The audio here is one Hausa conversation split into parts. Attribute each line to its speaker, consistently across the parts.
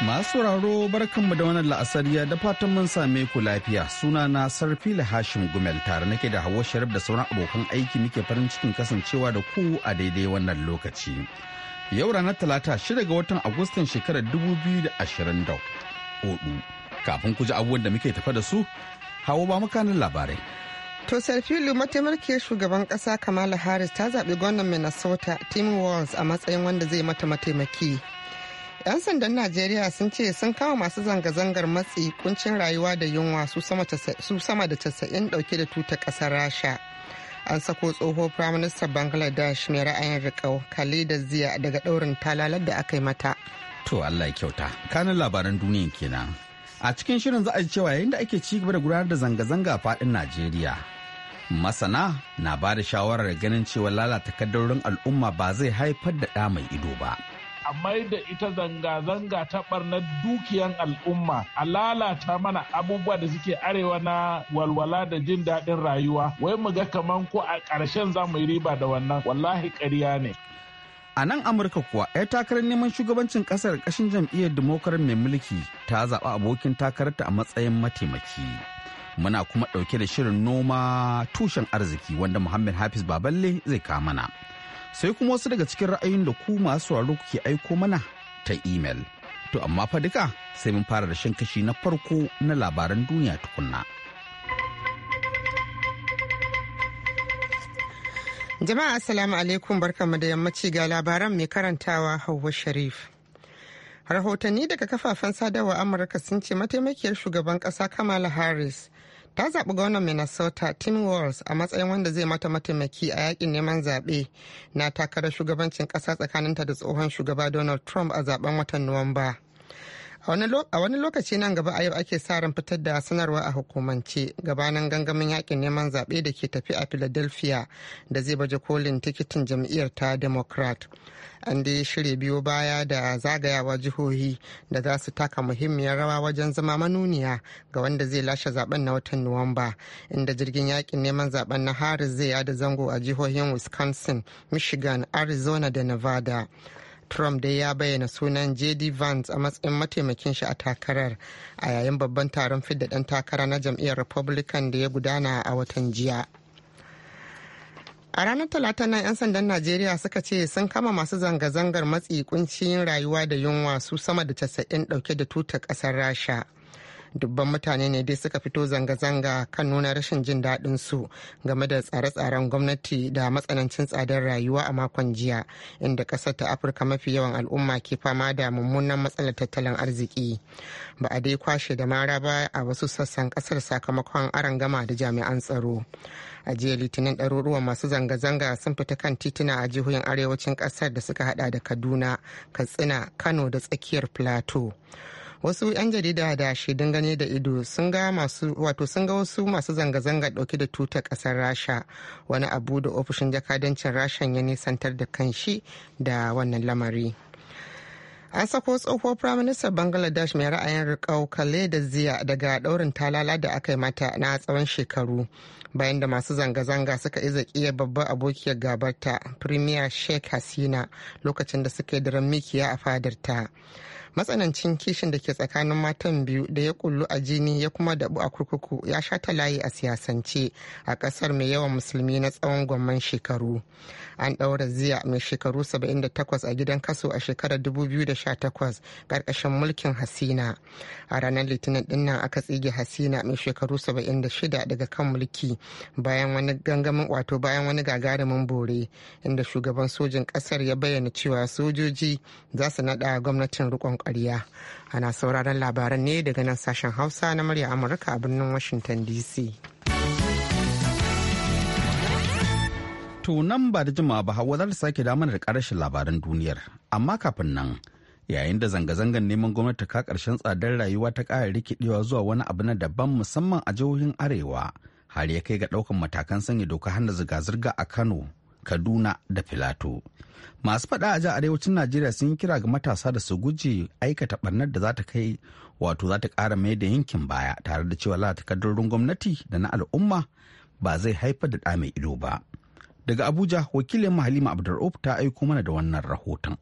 Speaker 1: Masu sauraro barkanmu da wannan la'asariya da fatan mun same ku lafiya suna na da hashim gumel tare nake da hawa sharif da sauran abokan aiki muke farin cikin kasancewa da ku a daidai wannan lokaci. Yau ranar talata shida ga watan Agustan shekarar 2024. Kafin ku ji abubuwan da muke tafa da su, hawa ba makanin labarai.
Speaker 2: To Sarfilu mataimakiyar shugaban kasa Kamala Harris ta zaɓi gwamnan Minnesota Tim Walz a matsayin wanda zai mata mataimaki. 'Yan sandan Najeriya sun ce sun kama masu zanga-zangar matsi kuncin rayuwa da yunwa su sama da casa'in dauke da tuta kasar Rasha. An sako tsoho Firaminista Bangladesh mai ra'ayin rikau Khalida Ziya daga ɗaurin talalar da aka yi mata. To Allah ya kyauta,
Speaker 1: kanin labaran duniya kenan. A cikin shirin za a ji cewa yayin da ake ci gaba da gudanar da zanga-zanga a fadin Najeriya. Masana na ba da shawarar ganin cewa lalata kaddarorin al'umma ba zai haifar da ɗa mai ido ba.
Speaker 3: a maida ita zanga-zanga ta barnar dukiyan al'umma a lalata mana abubuwa da suke arewa na walwala da jin daɗin rayuwa wai mu ga kaman ko a ƙarshen za mu yi riba da wannan wallahi ƙarya ne
Speaker 1: a nan amurka kuwa 'yar takarar neman shugabancin ƙasar kashin jam'iyyar demokar mai mulki ta zaɓa abokin takararta a matsayin mataimaki muna kuma ɗauke da shirin noma tushen arziki wanda muhammad hafiz baballe zai kama mana sai kuma wasu daga cikin ra'ayin da ku masu sauraro kuke aiko mana ta imel. To amma fa duka sai mun fara da shan kashi na farko na labaran duniya tukunna.
Speaker 2: Jama'a Assalamu alaikum barkanmu da yammaci ga labaran mai karantawa Hauwa Sharif. Rahotanni daga kafafen sadarwa Amurka sun ce mataimakiyar shugaban kasa Kamala Harris ta zaɓi gwamnan minnesota tim walls a matsayin wanda zai mata mataimaki a yakin neman zaɓe na takarar shugabancin ƙasa tsakaninta da tsohon shugaba donald trump a zaben watan nuwamba a wani lokaci nan gaba a yau ake sa ran fitar da sanarwa a hukumance gabanin gangamin yakin neman zaɓe da ke tafi a philadelphia da zai baje kolin tikitin jam'iyyar ta democrat an dai shirya biyo baya da zagayawa jihohi da za su taka muhimmiyar rawa wajen zama manuniya ga wanda zai lashe zaben na watan nuwamba inda jirgin yakin neman zaben na harris zai yada zango a jihohin wisconsin michigan arizona da nevada Trump dai ya bayyana sunan JD Vance a matsayin mataimakin shi a takarar a yayin babban taron fidda ɗan takara na jam'iyyar Republican da ya gudana a watan jiya. A ranar talata nan 'yan sandan Najeriya suka ce sun kama masu zanga-zangar matsi kuncin rayuwa da yunwa su sama da 90 dauke da tutar kasar Rasha. dubban mutane ne dai suka fito zanga-zanga kan nuna rashin jin daɗin su game da tsare-tsaren gwamnati da matsanancin tsadar rayuwa a makon jiya inda ƙasar ta afirka mafi yawan al'umma ke fama da mummunan matsalar tattalin arziki ba a dai kwashe da mara ba a wasu sassan ƙasar sakamakon gama da jami'an tsaro a jiya litinin ɗaruruwan masu zanga-zanga sun fita kan tituna a jihohin arewacin ƙasar da suka hada da kaduna katsina kano da tsakiyar plateau wasu 'yan jarida da shaidun gane da ido sun ga masu wato sun ga wasu masu zanga-zanga dauke da tutar kasar rasha wani abu da ofishin jakadancin rashan ya nisantar da kanshi da wannan lamari an sako tsohuwar firaministan bangladesh mai ra'ayin rikau kale da ziya daga daurin talala da aka yi mata na tsawon shekaru bayan da masu zanga-zanga suka iza kiyar babbar abokiyar gabarta premier sheikh hasina lokacin da suka yi daren mikiya a fadarta matsanancin kishin da ke tsakanin matan biyu da ya kullu a jini ya kuma dabu a kurkuku ya sha ta layi a siyasance a kasar mai yawan musulmi na tsawon gwamman shekaru an ɗaura ziya mai shekaru 78 a gidan kaso a shekarar 2018 karkashin mulkin hasina a ranar litinin dinnan aka tsige hasina mai shekaru 76 daga kan mulki bayan wani gangamin wato bayan wani gagarumin bore inda shugaban sojin ƙasar ya bayyana cewa sojoji za su naɗa gwamnatin riƙon ƙarya ana sauraron labaran ne daga nan sashen hausa na murya amurka a birnin washington dc to nan ba da jima ba hawa za ta sake damar da karashin
Speaker 1: labaran duniyar amma kafin nan yayin da zanga-zangar neman gwamnati ka karshen tsadar rayuwa ta ƙara rikidewa zuwa wani abu na daban musamman a jihohin arewa har ya kai ga ɗaukan matakan sanya doka hana zirga-zirga a kano kaduna da filato masu faɗa a jihar arewacin najeriya sun kira ga matasa da su guji aikata ɓarnar da za ta kai wato za ta ƙara mai da yankin baya tare da cewa lalata kadarorin gwamnati da na al'umma ba zai haifar da ɗa mai ido ba daga abuja wakilin mahalima abdulrauf ta aiko mana da wannan rahoton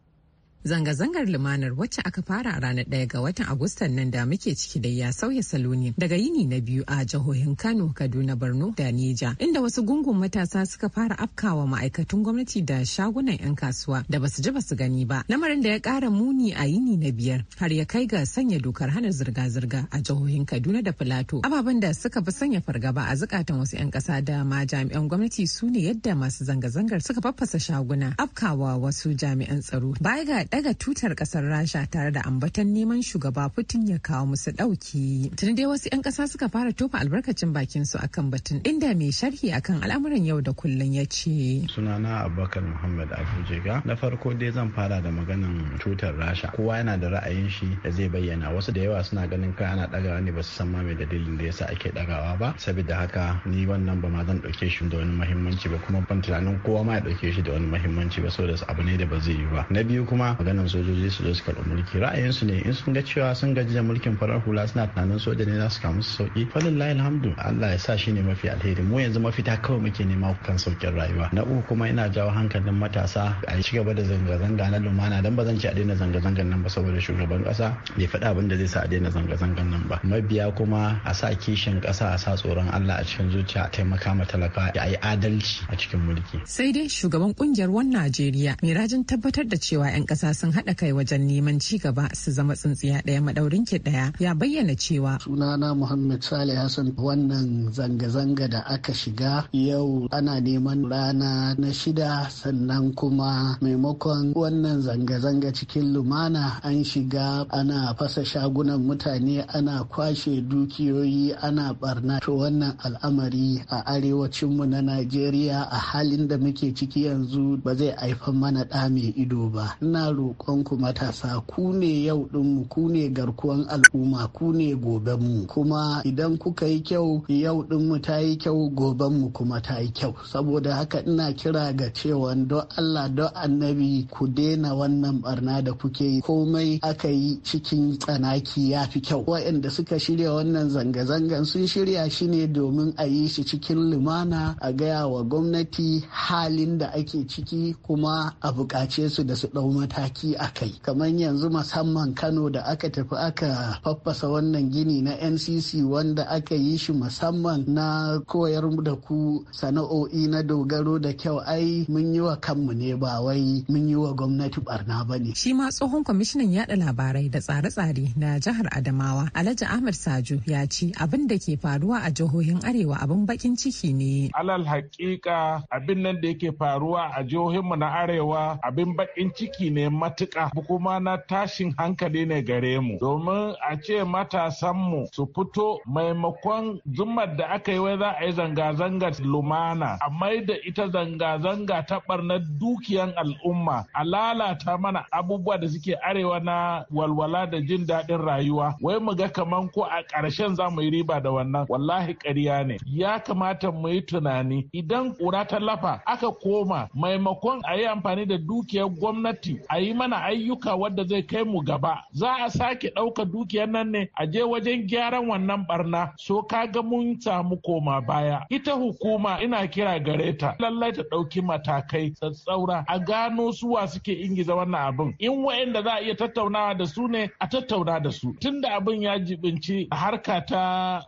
Speaker 4: Zanga-zangar lumanar wacce aka fara a ranar ɗaya ga watan Agustan nan da muke ciki da ya sauya salo daga yini na biyu a jihohin Kano, Kaduna, Borno da Niger, inda wasu gungun matasa suka fara afkawa ma'aikatun gwamnati da shagunan 'yan kasuwa da basu ji basu gani ba. Lamarin da ya ƙara muni a yini na biyar har ya kai ga sanya dokar hana zirga-zirga a jihohin Kaduna da Filato. Ababen da suka fi sanya fargaba a zukatan wasu 'yan ƙasa da ma jami'an gwamnati su ne yadda masu zanga-zangar suka faffasa shaguna afkawa wasu jami'an tsaro. Baya ga daga tutar kasar rasha tare da ambatan neman shugaba putin ya kawo musu dauki tun dai wasu 'yan kasa suka fara tofa albarkacin bakin su akan batun inda mai sharhi akan al'amuran yau da kullun ya ce
Speaker 3: sunana abubakar muhammad ga na farko
Speaker 1: dai zan fara da maganan tutar rasha kowa yana da ra'ayin shi da zai bayyana wasu da yawa suna ganin kai ana dagawa ne ba su san ma mai dalilin da yasa ake dagawa ba saboda haka ni wannan ba ma zan dauke shi da wani muhimmanci ba kuma ban tunanin kowa ma ya dauke shi da wani muhimmanci ba saboda abu ne da ba zai yi ba na biyu kuma maganan sojoji su zo su karɓi mulki
Speaker 5: ra'ayinsu ne in sun ga cewa sun gaji da mulkin
Speaker 1: farar hula suna tunanin soja ne za su kamu su sauki falin layin hamdu allah ya sa shi ne mafi alheri mu yanzu mafita kawai muke nema kan sauƙin rayuwa na uku kuma ina jawo hankalin matasa a ci gaba da zanga-zanga na lumana don ba zan ci a daina zanga-zangan nan ba saboda shugaban ƙasa
Speaker 6: bai faɗi abin da zai sa a daina
Speaker 1: zanga-zangan nan ba mabiya kuma a sa kishin ƙasa a sa tsoron allah a cikin zuciya a taimaka ma talaka a yi adalci a cikin mulki
Speaker 4: sai dai shugaban kungiyar wan najeriya mai rajin tabbatar da cewa 'yan ƙasa matasa sun haɗa kai wajen neman ci gaba su zama tsintsiya ɗaya maɗaurin ki ɗaya ya bayyana cewa. Sunana
Speaker 5: Muhammad sale Hassan wannan zanga-zanga da aka shiga yau ana neman rana na shida sannan kuma maimakon wannan zanga-zanga cikin lumana an shiga ana fasa shagunan mutane ana kwashe dukiyoyi ana barna to wannan al'amari a arewacinmu na Najeriya a halin da muke ciki yanzu ba zai haifa mana ɗa mai ido ba. Ina roƙonku matasa ku ne yau ɗinmu ku ne garkuwan al'umma ku ne gobenmu kuma idan kuka yi kyau yau ɗinmu ta yi kyau gobenmu kuma ta yi kyau saboda haka ina kira ga cewa don Allah don annabi ku daina wannan barna da kuke yi komai aka yi cikin tsanaki ya fi kyau waɗanda suka shirya wannan zanga-zangan sun shirya shi ne domin a yi shi cikin lumana a gaya wa gwamnati halin da ake ciki kuma a buƙace su da su ɗau mataki baki a kai kamar yanzu musamman kano da aka tafi aka faffasa wannan gini na ncc wanda aka yi shi musamman na koyar da ku sana'o'i na dogaro da kyau ai mun yi wa kanmu ne ba wai mun yi wa
Speaker 4: gwamnati barna ba ne shi ma tsohon kwamishinan yada labarai da tsare-tsare na jihar adamawa alhaji ahmad saju ya ci abin da ke faruwa a jihohin arewa abin bakin ciki ne
Speaker 3: alal hakika abin nan da yake faruwa a jihohinmu na arewa abin bakin ciki ne matuƙa kuma na tashin hankali ne gare mu domin a ce matasanmu su fito maimakon zumar da aka yi wai za a yi zanga-zangar lumana a maida ita zanga-zanga ta barnar dukiyan al'umma a lalata mana abubuwa da suke arewa na walwala da jin daɗin rayuwa wai mu ga kaman ko a ƙarshen za mu yi riba da wannan wallahi ƙarya ne ya kamata mu yi tunani idan ƙura ta lafa aka koma maimakon a yi amfani da dukiyar gwamnati a yi yi mana ayyuka wadda zai kai mu gaba za a sake ɗauka dukiyar nan ne a je wajen gyaran wannan barna so kaga mun samu koma baya ita hukuma ina kira gare ta lallai ta ɗauki matakai tsatsaura a gano suwa suke ingiza wannan abin in wa'anda za a iya tattaunawa da su ne a tattauna da su tunda abin ya jibinci harka ta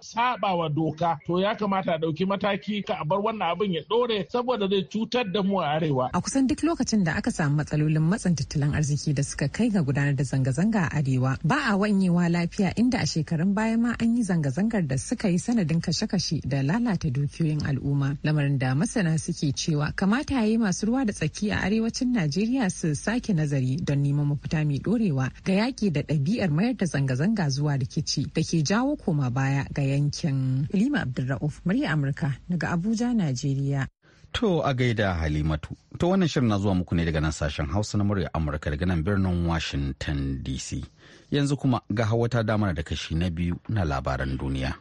Speaker 3: wa doka to ya kamata a ɗauki mataki ka a bar wannan abin ya ɗore saboda zai cutar da mu a arewa
Speaker 4: a kusan duk lokacin da aka samu matsalolin matsin tattalin tattalin arziki da suka kai ga gudanar da zanga-zanga a arewa ba a wanyewa lafiya inda a shekarun baya ma an yi zanga-zangar da suka yi sanadin kashe-kashe da lalata dukiyoyin al'umma lamarin da masana suke cewa kamata ya yi masu ruwa da tsaki a arewacin najeriya su sake nazari don neman mafita mai dorewa ga yaki da ɗabi'ar mayar da zanga-zanga zuwa rikici da ke jawo koma baya ga yankin. Halima Abdulra'uf, murya Amurka daga Abuja, Najeriya.
Speaker 1: To a gaida Halimatu. To wannan shirin na zuwa muku ne daga nan sashen Hausa na murya Amurka daga nan birnin Washington DC. Yanzu kuma ga hawa ta damar da kashi
Speaker 2: na biyu na labaran duniya.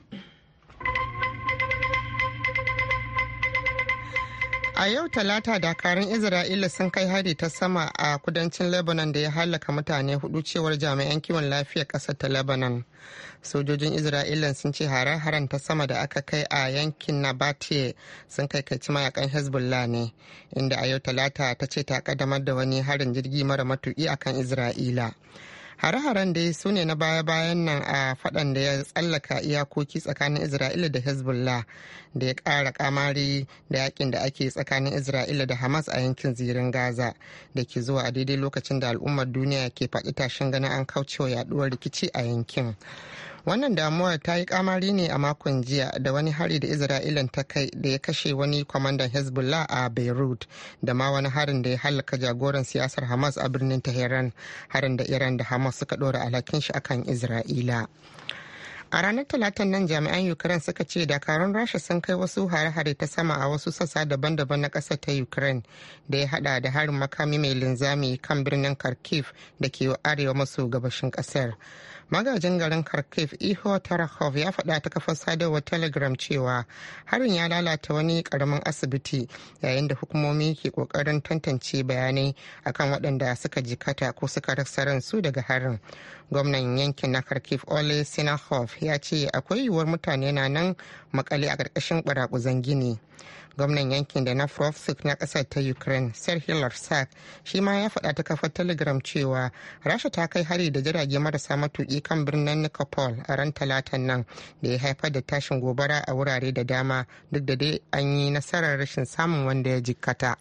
Speaker 2: A yau talata dakarun Isra'ila sun kai hari ta sama a kudancin Lebanon da ya halaka mutane hudu cewar jami'an kiwon lafiyar ƙasar ta Lebanon. Sojojin Isra'ila sun ce hare-haren ta sama da aka kai a yankin Nabatiye sun kai kaici mayakan Hezbollah ne, inda a yau talata ta ce ta kaddamar da wani harin jirgi mara matuƙi akan Isra'ila. hare-haren dai su ne na baya-bayan nan a faɗan da ya tsallaka iyakoki tsakanin isra'ila da hezbollah da ya ƙara kamari da yakin da ake tsakanin isra'ila da hamas a yankin zirin gaza da ke zuwa a daidai lokacin da al'ummar duniya ke faɗi tashin ganin an kauce wa yaduwar rikici a yankin wannan damuwar ta yi kamari ne a makon jiya da wani hari da isra'ilan ta kai da ya kashe wani kwamandan hezbollah a beirut da ma wani harin da ya halaka jagoran siyasar hamas a birnin tehran harin da iran da hamas suka dora alhakin shi akan isra'ila a ranar talatin nan jami'an ukraine suka ce dakarun rasha sun kai wasu hare-hare ta sama a wasu sassa daban-daban na ƙasa ta ukraine da ya hada da harin makami mai linzami kan birnin kharkiv da ke arewa maso gabashin ƙasar magajin garin kharkiv iho tarakov ya faɗa ta kafar sadarwar telegram cewa harin ya lalata wani karamin asibiti yayin da hukumomi ke kokarin tantance bayanai akan waɗanda suka jikata ko suka rasa ransu daga harin gwamnan yankin na kharkiv ole sinakov ya ce akwai yiwuwar mutane na nan makale a ƙarƙashin barakuzan gini gwamnan yankin da na frofsik na kasar ta ukraine serhiy larsak shi ma ya faɗa ta kafar telegram cewa rasha ta kai hari da jirage marasa matuƙi kan birnin nikopol a ran talatan nan da ya haifar da tashin gobara a wurare da dama duk da dai an yi nasarar rashin samun wanda ya jikkata.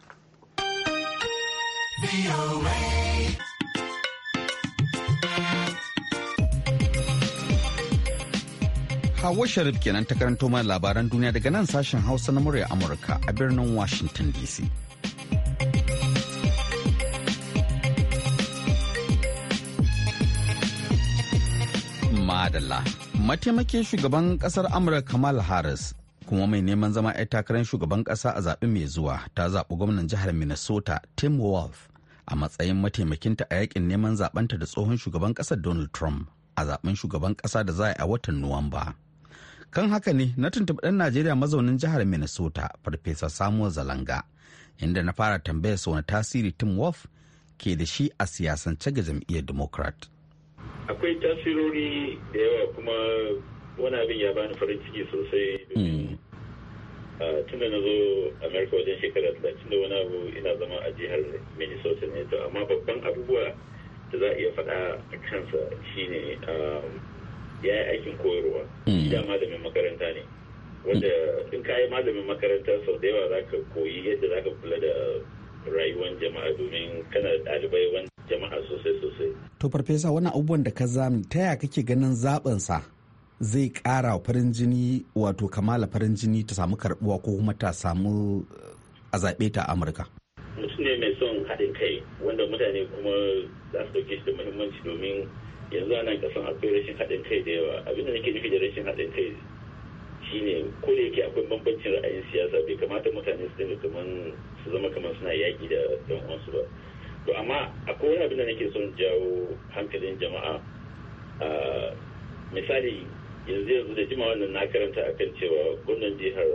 Speaker 1: Hawa Sharif kenan ta karanto mana labaran duniya daga nan sashen Hausa na murya Amurka a birnin Washington DC. Madalla. Mataimakin shugaban kasar Amurka Kamal Harris kuma mai neman zama 'yar takarar shugaban ƙasa a zaɓe mai zuwa ta zaɓi gwamnan jihar minnesota tim wolf a matsayin mataimakinta a yakin neman zaɓenta da tsohon shugaban ƙasa donald trump a zaɓen shugaban ƙasa da za a yi a watan nuwamba. kan haka ne na tuntuɓi ɗan najeriya mazaunin jihar minnesota farfesa samuel zalanga inda na fara tambaya tambayar wani tasiri tim wolf ke da shi a siyasance ga jam'iyyar democrat
Speaker 6: akwai tasirori da yawa kuma wani abin ya bani farin ciki sosai hmm. tun da na zo america wajen shekara talatin da wani abu ina zama a jihar minnesota ne to amma babban abubuwa da za a iya faɗa a kansa shine um, ya yi aikin koyarwa idan hmm. malamin makaranta ne wanda
Speaker 1: in ka yi malamin makaranta sau da yawa za ka koyi yadda za ka kula da rayuwar jama'a domin kana da ɗalibai wani jama'a sosai sosai. To farfesa wannan abubuwan da ka zami ta ya kake ganin zaɓinsa zai ƙara farin jini wato kamala farin jini ta samu karbuwa ko kuma ta samu eh, a zaɓe ta Amurka.
Speaker 6: Mutum ne mai son haɗin kai wanda mutane kuma za su ɗauke shi da muhimmanci domin yanzu ana kasan akwai rashin haɗin kai da yawa da nake nufi da rashin haɗin kai shine ko da yake akwai bambancin ra'ayin siyasa bai kamata mutane su dinga kaman su zama kaman suna yaƙi da ɗan uwansu ba to amma akwai wani abin da nake son jawo hankalin jama'a misali yanzu yanzu da jima wannan na karanta akan cewa gwamnan jihar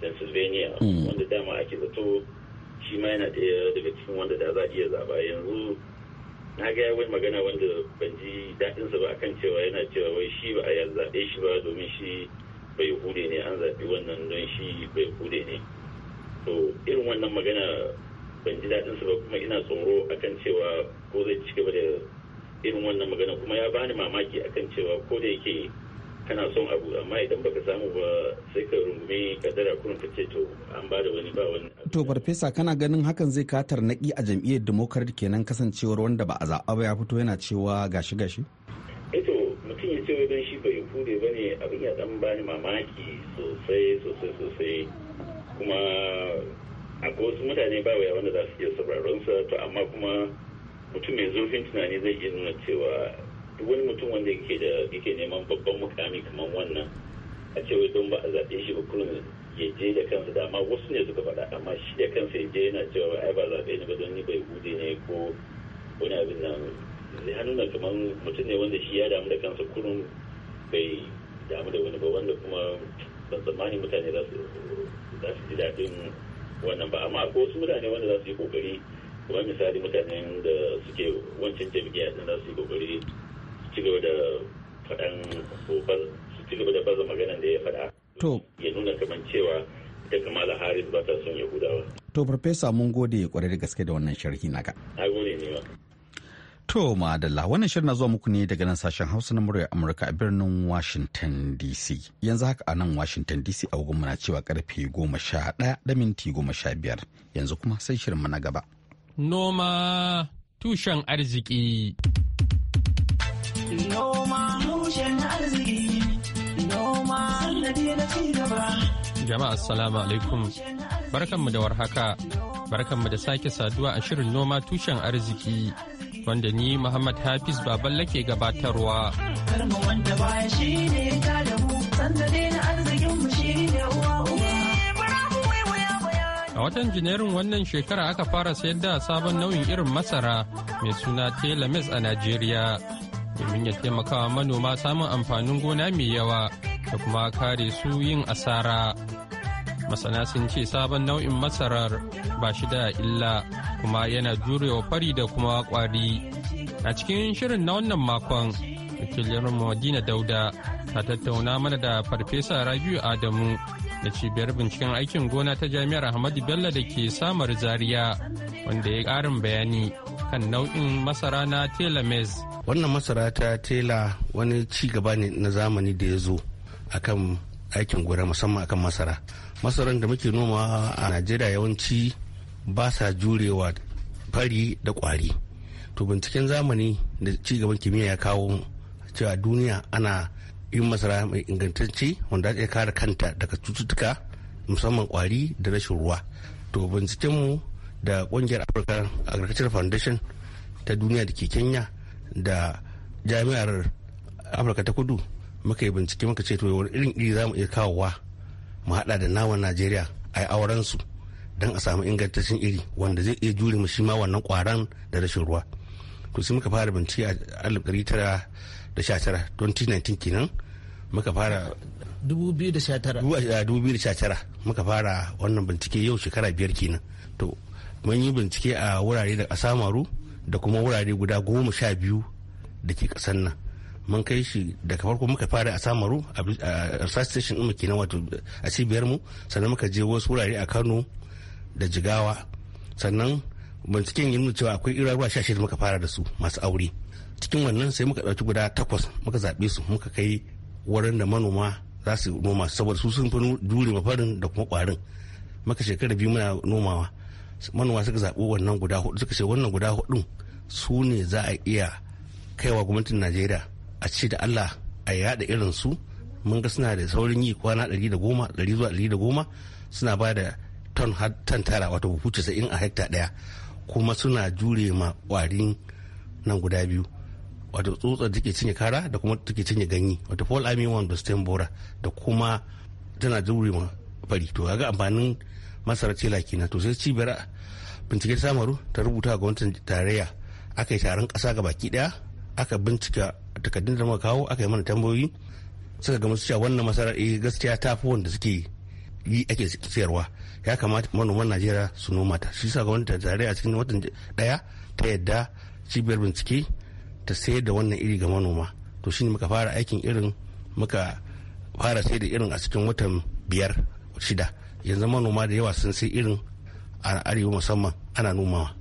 Speaker 6: pennsylvania hmm. wanda dama ake zato shi ma yana ɗaya daga cikin wanda da za a iya zaba yanzu na ga ya magana wanda ban ji daɗinsa ba akan cewa yana cewa wai shi ba a zaɓe shi ba domin shi bai hude ne an zaɓi wannan don shi bai hude ne to irin wannan magana ban ji daɗinsa ba kuma ina tsoro akan cewa ko zai ci gaba da irin wannan magana kuma ya bani mamaki akan cewa ko da yake kana son abu amma idan baka samu ba sai ka rungumi kadara kurin ka ce to an ba da wani ba
Speaker 1: wani to farfesa kana ganin hakan zai katar naki a jam'iyyar democrat kenan kasancewar wanda ba a zaɓa ba ya fito yana cewa gashi gashi
Speaker 6: ito eh mutum ya ce wai don shi bai kude ba ne abin ya dan bani mamaki sosai sosai sosai kuma akwai wasu mutane ba waya wanda za su iya sauraron sa to amma kuma mutum mai zurfin tunani zai iya nuna cewa duk wani mutum wanda yake da yake neman babban mukami kamar wannan a cewa don ba a zaɓe shi ba kullum ya je da kansa da wasu ne suka faɗa amma shi da kansa ya je yana cewa ai ba zaɓe ne ba don ni bai hude ne ko wani abin nan zai nuna kamar mutum ne wanda shi ya damu da kansa kullum bai damu da wani ba wanda kuma ban tsammani mutane za su su ji daɗin wannan ba amma akwai wasu mutane wanda za su yi kokari kamar misali mutanen da suke wancan jam'iyya din za su yi kokari ci gaba da faɗan su ci gaba da baza maganan da ya faɗa to ya nuna kamar cewa ita kamala ba ta son yahudawa
Speaker 1: to farfesa mun gode kwarai da gaske da wannan sharhi naka
Speaker 6: na gode ne ma
Speaker 1: To madalla wannan shirin na zuwa muku ne daga nan sashen Hausa na muryar Amurka a birnin Washington DC. Yanzu haka a nan Washington DC a gugun muna cewa karfe goma sha ɗaya da minti goma sha biyar. Yanzu kuma sai shirin na gaba.
Speaker 7: Noma tushen arziki.
Speaker 8: Noma arziki, noma sannadi na gaba.
Speaker 7: Jama'a assalamu alaikum, barkanmu da warhaka, barkanmu da sake saduwa a shirin noma tushen arziki. Wanda ni Muhammad Hafiz Baballe ke gabatarwa.
Speaker 8: Karmu wanda baya shi
Speaker 9: ne ta da mu, na arzikinmu shi ne uwa eh,
Speaker 7: A watan Janairun wannan shekara aka fara sayar da sabon nau'in irin masara mai suna Telemes a Najeriya. domin ya taimaka manoma samun amfanin gona mai yawa da kuma kare su yin asara. Masana sun ce sabon nau'in masarar ba shi da illa kuma yana jurewa fari da kuma kwari. A cikin shirin na wannan makon, wakilin Madina Dauda ta tattauna mana da Farfesa Rabiu Adamu da cibiyar binciken aikin gona ta jami'ar Ahmadu Bello da ke samar Zaria wanda ya ƙarin bayani kan nau'in masara na tela maize
Speaker 10: wannan masara ta tela wani ci gaba ne na zamani da ya zo akan aikin gura musamman akan masara masaran da muke noma a najeriya yawanci ba sa jurewa fari da kwari to binciken zamani da ci gaban kimiyya ya kawo cewa duniya ana yin masara mai ingantacce wanda ake kare kanta daga cututtuka musamman kwari da rashin ruwa to bincikenmu da kungiyar african agriculture foundation ta duniya da ke kenya da jami'ar afirka ta kudu muka yi bincike muka ce to wani irin iri za mu iya kawowa mu hada da naman najeriya a yi auren su don a samu ingantaccen iri wanda zai iya jure mu shi ma wannan kwaran da rashin ruwa to sai muka fara bincike a alif tara da sha 1919 2019 kenan muka fara 2019 muka fara wannan bincike yau shekara biyar kenan to mun yi bincike a wurare da ƙasa maru da kuma wurare guda goma sha biyu da ke ƙasar nan mun kai shi daga farko muka fara a samaru a research station ɗin kenan wato a cibiyar mu sannan muka je wasu wurare a kano da jigawa sannan binciken yin nuna cewa akwai irarwa sha shida muka fara da su masu aure cikin wannan sai muka ɗauki guda takwas muka zaɓe su muka kai wurin da manoma za su noma saboda su sun fi jure mafarin da kuma ƙwarin muka shekara biyu muna nomawa manoma suka zaɓi wannan guda hudu suka ce wannan guda hudun su ne za a iya kaiwa gwamnatin najeriya a ce da allah a yada irin su mun ga suna da saurin yi kwana da goma ɗari zuwa da goma suna ba da ton har tan tara wato buhu casa'in a hekta daya kuma suna jure ma kwarin nan guda biyu wato tsotsar ke cinye kara da kuma ke cinye ganye wato paul army one da stem bora da kuma tana jure ma fari to ga amfanin masarar cela kenan to sai cibiyar bincike ta samaru ta rubuta ga wancan tarayya aka yi taron kasa ga baki daya aka bincika takardun da muka kawo aka yi mana tambayoyi suka ga musu cewa wannan masarar eh gaskiya ta fi wanda suke yi ake sayarwa ya kamata manoman najeriya su noma ta shi sa gwamnatin tarayya cikin watan daya ta yadda cibiyar bincike ta sayar da wannan iri ga manoma to shine muka fara aikin irin muka fara sai da irin a cikin watan biyar shida yanzu manoma da yawa sun sai irin a arewa musamman ana nomawa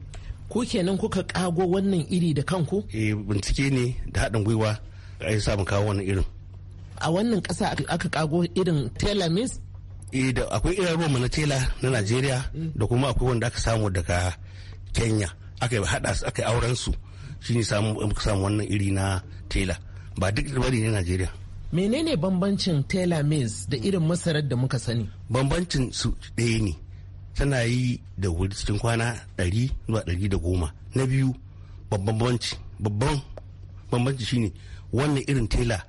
Speaker 8: ko kenan kuka kago wannan
Speaker 10: iri da kanku eh bincike ne da haɗin gwiwa ai samun kawo wannan irin a
Speaker 8: wannan ƙasa aka kago irin mills
Speaker 10: eh da akwai irin ruwa na tela na Najeriya mm. da kuma akwai wanda aka samu daga Kenya aka haɗa su aka yi auren su shine samu samu wannan iri na tela ba duk bari ne Najeriya
Speaker 8: menene bambancin taylor maize da irin masarar da muka sani
Speaker 10: bambancin
Speaker 8: su ɗaya ne
Speaker 10: tana yi da wuri cikin kwana 100 zuwa 110 na biyu babban bambanci babban bambanci shine wannan irin tela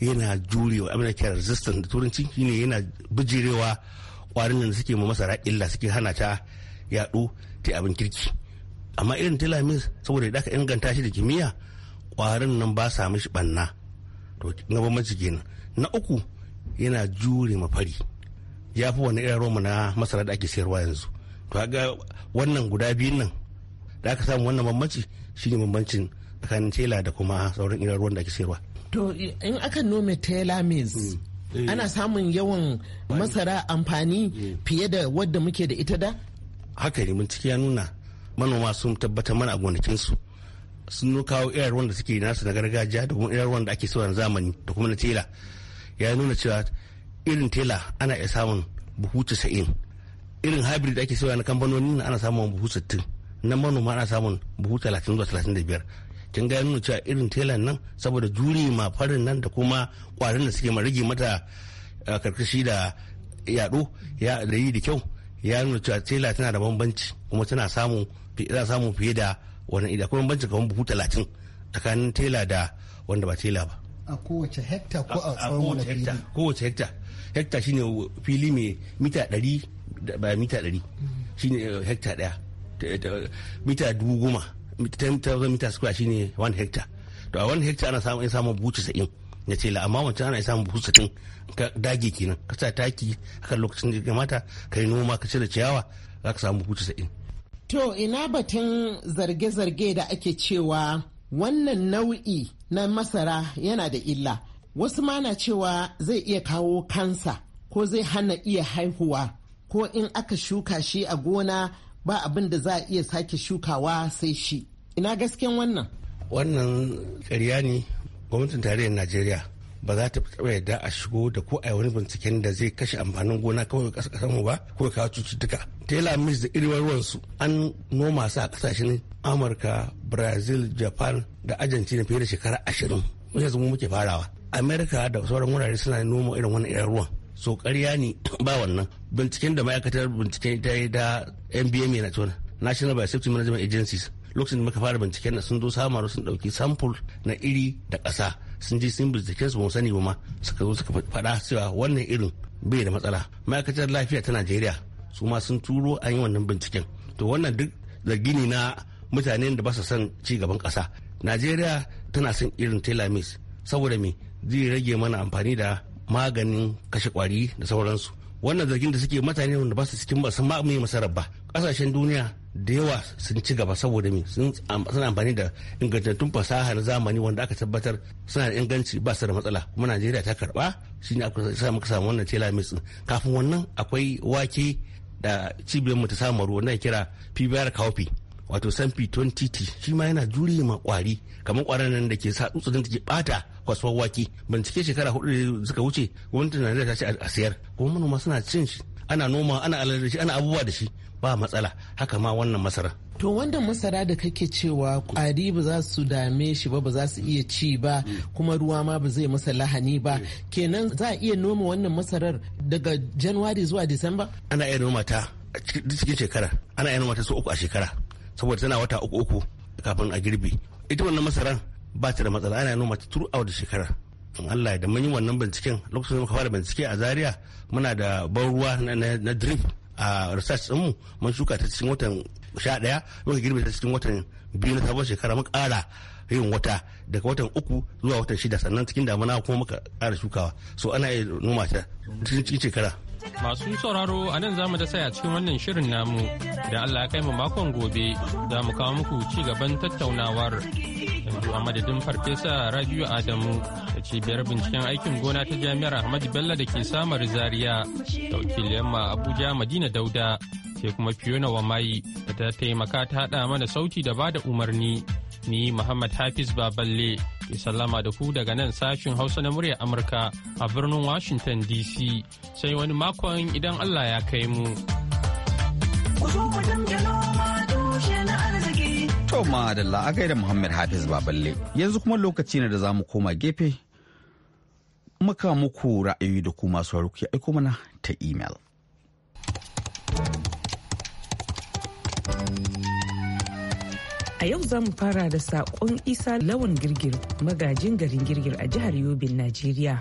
Speaker 10: yana jurewa abin da ke resistant da turanci shine yana bijirewa kwarin da suke masara illa suke hana ta yaɗo ta abin kirki amma irin tela mills saboda ya daka inganta shi da kimiyya kwarin nan ba sa mishi ɓanna to na bambanci kenan na uku yana jure fari. ya fi wani irin roma na masara da ake sayarwa yanzu to ga wannan guda biyun nan da aka samu wannan bambanci shine bambancin tsakanin tela da kuma sauran irin ruwan da ake sayarwa
Speaker 8: to in aka nome tela maize mm. eh. ana samun yawan masara amfani mm. fiye da wadda muke da ita da
Speaker 10: haka ne mun ciki ya nuna manoma sun tabbatar mana a su. sun kawo irin wanda suke nasu na gargajiya da kuma irin wanda ake sauran zamani da kuma na tela ya nuna cewa irin tela ana iya samun buhu casa'in irin hybrid da ake sauya na na ana samun buhu sittin na manoma ana samun buhu talatin zuwa talatin da biyar. kin ga nuna cewa irin tela nan saboda juri ma farin nan da kuma kwarin da suke rage mata karkashi da yado ya da yi da kyau ya nuna cewa tela tana da bambanci kuma tana samun fiye da wannan idan akwai bambanci kamar buhu talatin tsakanin tela da wanda ba tela ba
Speaker 5: a kowace hekta ko a tsawon fili
Speaker 10: kowace hekta hekta shine fili mai mita ɗari ba mita ɗari mm. shine eh, hekta ɗaya mita dubu goma ta mita square shine one hekta to a one hekta ana samun samun buhu casa'in na tela amma wancan ana samun buhu casa'in ka dage kenan ka sa taki akan lokacin da ya kamata ka yi noma ka cire ciyawa za ka samu buhu casa'in
Speaker 8: To ina batun zarge-zarge da ake cewa wannan nau'i na masara yana da illa. Wasu ma na cewa zai iya kawo kansa ko zai hana iya haihuwa ko in aka shuka shi a gona ba abin da za a iya sake shukawa sai shi. Ina gasken wannan?
Speaker 10: Wannan ƙarya ne gwamnatin tarayyar Najeriya ba za ta taɓa yadda a shigo da ko a wani binciken da zai kashe amfanin gona kawai ƙasar ba ko kawo cututtuka. tela mix da ruwan su an noma su a kasashen amurka brazil japan da argentina fiye da shekara ashirin wajen zama muke farawa amerika da sauran wurare suna noma irin wannan ruwan so karya ne ba wannan binciken da ma'aikatar binciken ta yi da nbm na tona national safety management agencies lokacin da muka fara binciken na sun zo samaru sun dauki sample na iri da ƙasa sun ji sun binciken su sani ba ma suka zo suka faɗa cewa wannan irin bai da matsala ma'aikatar lafiya ta najeriya su ma sun turo a yi wannan binciken to wannan duk zargi ne na mutanen da ba su son ci gaban kasa najeriya tana son irin telamis saboda me zai rage mana amfani da maganin kashe kwari da sauransu wannan zargin da suke mutane wanda ba su cikin ba sun mamaye masarar ba kasashen duniya da yawa sun ci gaba saboda me sun amfani da ingantattun fasaha na zamani wanda aka tabbatar suna da inganci ba su da matsala kuma najeriya ta karba shine aka sa muka samu wannan tela kafin wannan akwai wake da cibiyar mu ta samu ruwa na kira PBR kaufi wato sanfi 20t shi ma yana juri ma kwari kamar kwaran nan da ke sa tsutsu da take bata kwasuwar wake bincike shekara hudu da suka wuce tunanin da ta ce a siyar kuma manoma suna cin shi ana noma ana alalar da shi ana abubuwa da shi ba matsala haka ma wannan masara
Speaker 8: to wannan masara da kake cewa kwari ba za su dame shi ba ba za su iya ci ba kuma ruwa ma ba zai masa lahani ba kenan za a iya noma wannan masarar daga januwari zuwa disamba
Speaker 10: ana iya noma ta cikin shekara ana iya noma ta su uku a shekara saboda tana wata uku uku kafin a girbi ita wannan masarar ba ta da matsala ana noma ta throughout shekara in Allah da mun yi wannan binciken lokacin da muka fara bincike a Zaria muna da ban ruwa na drip a research mu mun shuka ta cikin watan sha daya muka girbe ta cikin watan biyu na sabon shekara mun kara yin wata daga watan uku zuwa watan shida sannan cikin damuna kuma muka kara shukawa so ana iya noma ta cikin shekara
Speaker 7: Masu sauraro a nan zamu da saya cikin wannan shirin namu da Allah ya kai mu makon gobe za mu kawo muku ci gaban tattaunawar. Yanzu a madadin Farfesa Rabiu Adamu da cibiyar binciken aikin gona ta Jami'ar Ahmadu Bello da ke samar Zaria da yamma Abuja Madina Dauda sai kuma Fiona Wamai da ta taimaka ta haɗa mana sauti da bada umarni. Ni Muhammad Hafiz Baballe ke sallama da ku daga nan sashin Hausa na murya Amurka a birnin Washington DC sai wani makon idan Allah ya kai mu. To ma da a da Muhammad
Speaker 1: Hafiz Baballe yanzu kuma lokaci ne da za mu koma gefe muka muku ra'ayoyi da ku masu ke aiko mana ta imel.
Speaker 9: A yau za mu fara da saƙon Isa Lawan Girgir, magajin garin Girgir a jihar Yobin, Najeriya.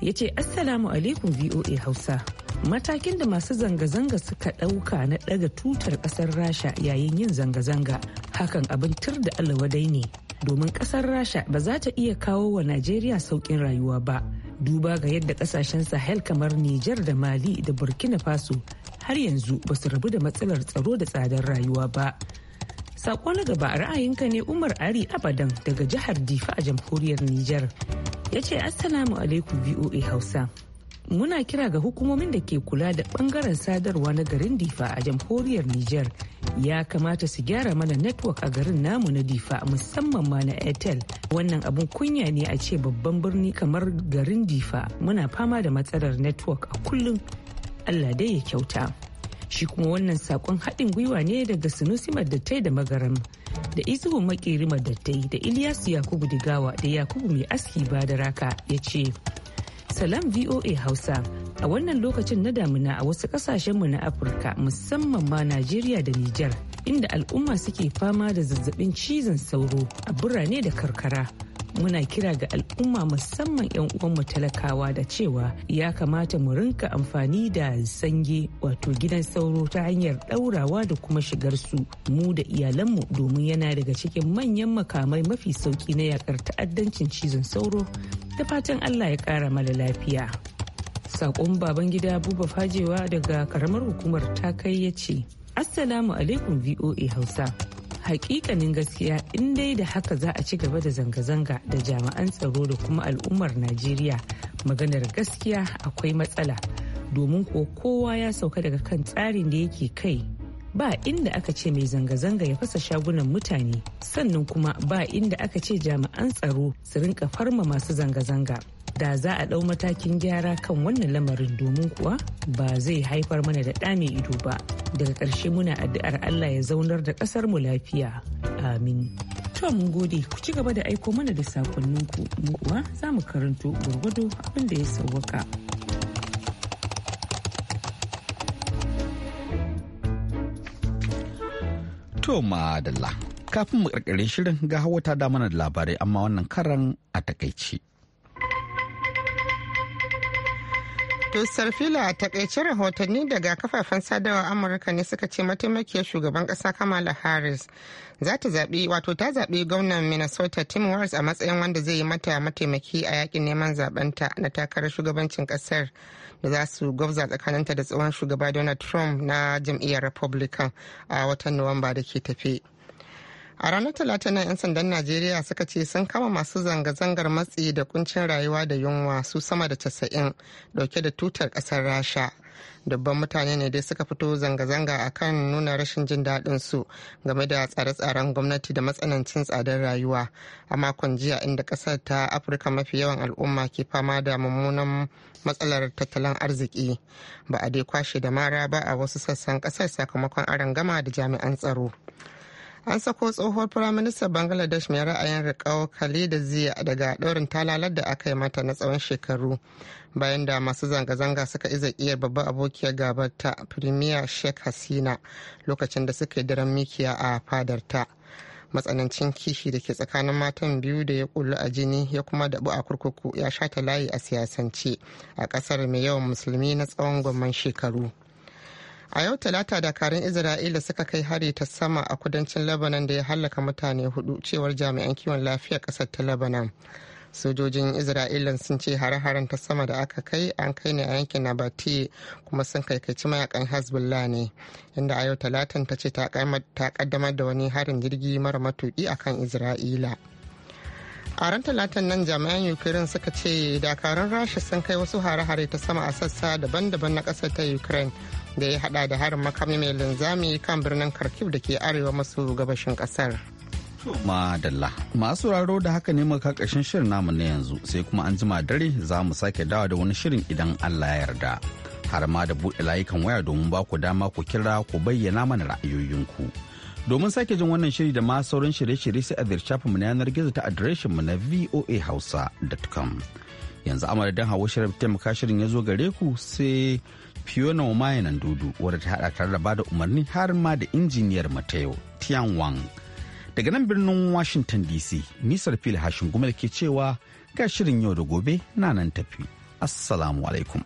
Speaker 9: Ya ce, Assalamu alaikum VOA Hausa. Matakin da masu zanga-zanga suka ɗauka na ɗaga tutar ƙasar Rasha yayin yin zanga-zanga, hakan abin tur da alawadai ne. Domin ƙasar Rasha ba za ta iya kawo wa Najeriya sauƙin rayuwa ba. Duba ga yadda ƙasashen Sahel kamar Nijar da Mali da Burkina Faso har yanzu ba su rabu da matsalar tsaro da tsadar rayuwa ba. Sako na gaba ra'ayinka ne Umar Ari Abadan daga jihar Difa a jamhuriyar Nijar. Ya ce Assalamu alaikum VOA Hausa. Muna kira ga hukumomin da ke kula da bangaren sadarwa na garin Difa a jamhuriyar Nijar. Ya kamata su gyara mana network a garin namu na Difa musamman ma na Airtel. Wannan abun kunya ne a ce babban birni kamar garin Difa muna fama da matsalar network a kullum. Allah dai ya kyauta. Shi kuma wannan sakon haɗin gwiwa ne daga sanusi Madattai da Magaram da Isuhu Makeri Madattai da Ilyasu Yakubu Digawa da Yakubu Mai Aski raka ya ce. Salam VOA Hausa. A wannan lokacin na damuna a wasu kasashenmu na Afirka musamman ma Najeriya da Nijar inda al'umma suke fama da zazzabin cizon sauro a birane da karkara. muna kira ga al'umma musamman 'yan uwanmu talakawa da cewa ya kamata mu rinka amfani da sange wato gidan sauro ta hanyar ɗaurawa da kuma shigar su mu da iyalanmu domin yana daga cikin manyan makamai mafi sauki na yakar ta'addancin cizon sauro da fatan allah ya ƙara mana lafiya sakon baban gida buba fajewa daga karamar hukumar ta kai ya ce assalamu alaikum voa hausa hakikanin gaskiya in dai da haka za a ci gaba da zanga-zanga da jami'an tsaro da kuma al'ummar najeriya maganar gaskiya akwai matsala domin ko kowa ya sauka daga kan tsarin da yake kai ba inda aka ce mai zanga-zanga ya fasa shagunan mutane sannan kuma ba inda aka ce jami'an tsaro su rinka farma masu zanga-zanga da za a ɗau matakin gyara kan wannan lamarin domin kuwa ba zai haifar mana da ɗa ido ba daga ƙarshe muna addu'ar allah ya zaunar da ƙasar mu lafiya amin to mun gode ku ci gaba da aiko mana da ku mu kuwa za mu karanto gwargwado abin da ya sauwaka
Speaker 1: to madalla kafin mu karkare shirin ga hawa ta da mana da labarai amma wannan karan a takaici.
Speaker 2: To Sarfila a takaice rahotanni daga kafafen sadarwar Amurka ne suka ce mataimakiyar shugaban kasa Kamala Harris za ta zaɓi wato ta zaɓi gwamnan Minnesota Tim Walz a matsayin wanda zai yi mata mataimaki a yakin neman zaɓenta na takarar shugabancin ƙasar da za su gwabza tsakaninta da tsohon shugaba Donald Trump na jam'iyyar Republican a watan Nuwamba da ke tafe. a ranar talata na 'yan sandan najeriya suka ce sun kama masu zanga-zangar matsi da kuncin rayuwa da yunwa su sama da casa'in dauke da tutar kasar rasha dubban mutane ne dai suka fito zanga-zanga a kan nuna rashin jin daɗin su game da tsare-tsaren gwamnati da matsanancin tsadar rayuwa a makon jiya inda ƙasar ta afirka mafi yawan al'umma ke fama da mummunan matsalar tattalin arziki ba a dai kwashe da mara ba a wasu sassan kasar sakamakon arangama da jami'an tsaro an sako tsohuwar firaministan bangladesh mai ra'ayin riƙau khalida ziya daga ɗaurin talalar da aka yi mata na tsawon shekaru bayan da masu zanga-zanga suka iza iya babban abokiyar gabar ta premier sheikh hasina lokacin da suka yi daren mikiya a fadar ta matsanancin kishi da ke tsakanin matan biyu da ya kullu a jini ya kuma dabu a kurkuku ya shata layi a siyasance a kasar mai yawan musulmi na tsawon gwamman shekaru a yau talata dakarun isra'ila suka kai hari ta sama a kudancin lebanon da ya hallaka mutane hudu cewar jami'an kiwon lafiyar kasar ta lebanon sojojin isra'ila sun ce hare-haren ta sama da aka kai an kai ne a yankin na kuma sun kaikaici mayakan hezbollah ne inda a yau talatan ta ce ta kaddamar da wani harin jirgi mara matuki akan isra'ila a ran talatan nan jami'an ukraine suka ce dakarun rasha sun kai wasu hare-hare ta sama a sassa daban-daban na kasar ta ukraine da ya hada da harin makami mai linzami kan birnin kharkiv da ke arewa maso gabashin kasar
Speaker 1: madalla masu raro da haka ne maka ƙarshen shirin namu na yanzu sai kuma an jima dare za mu sake dawa da wani shirin idan allah ya yarda har ma da buɗe layukan waya domin ba ku dama ku kira ku bayyana mana ra'ayoyinku domin sake jin wannan shiri da ma sauran shirye-shirye sai a mu na yanar gizo ta adireshin mu na voahausa.com yanzu amadadin hawa shirin taimaka shirin ya zo gare ku sai Fiona Mayanan Dudu wadda ta haɗa tare da bada umarni har ma da injiniyar Mateo Tian Wang. Daga nan birnin Washington DC, nisar fil hashin gumel ke cewa ga shirin yau da gobe na nan tafi. Assalamu alaikum.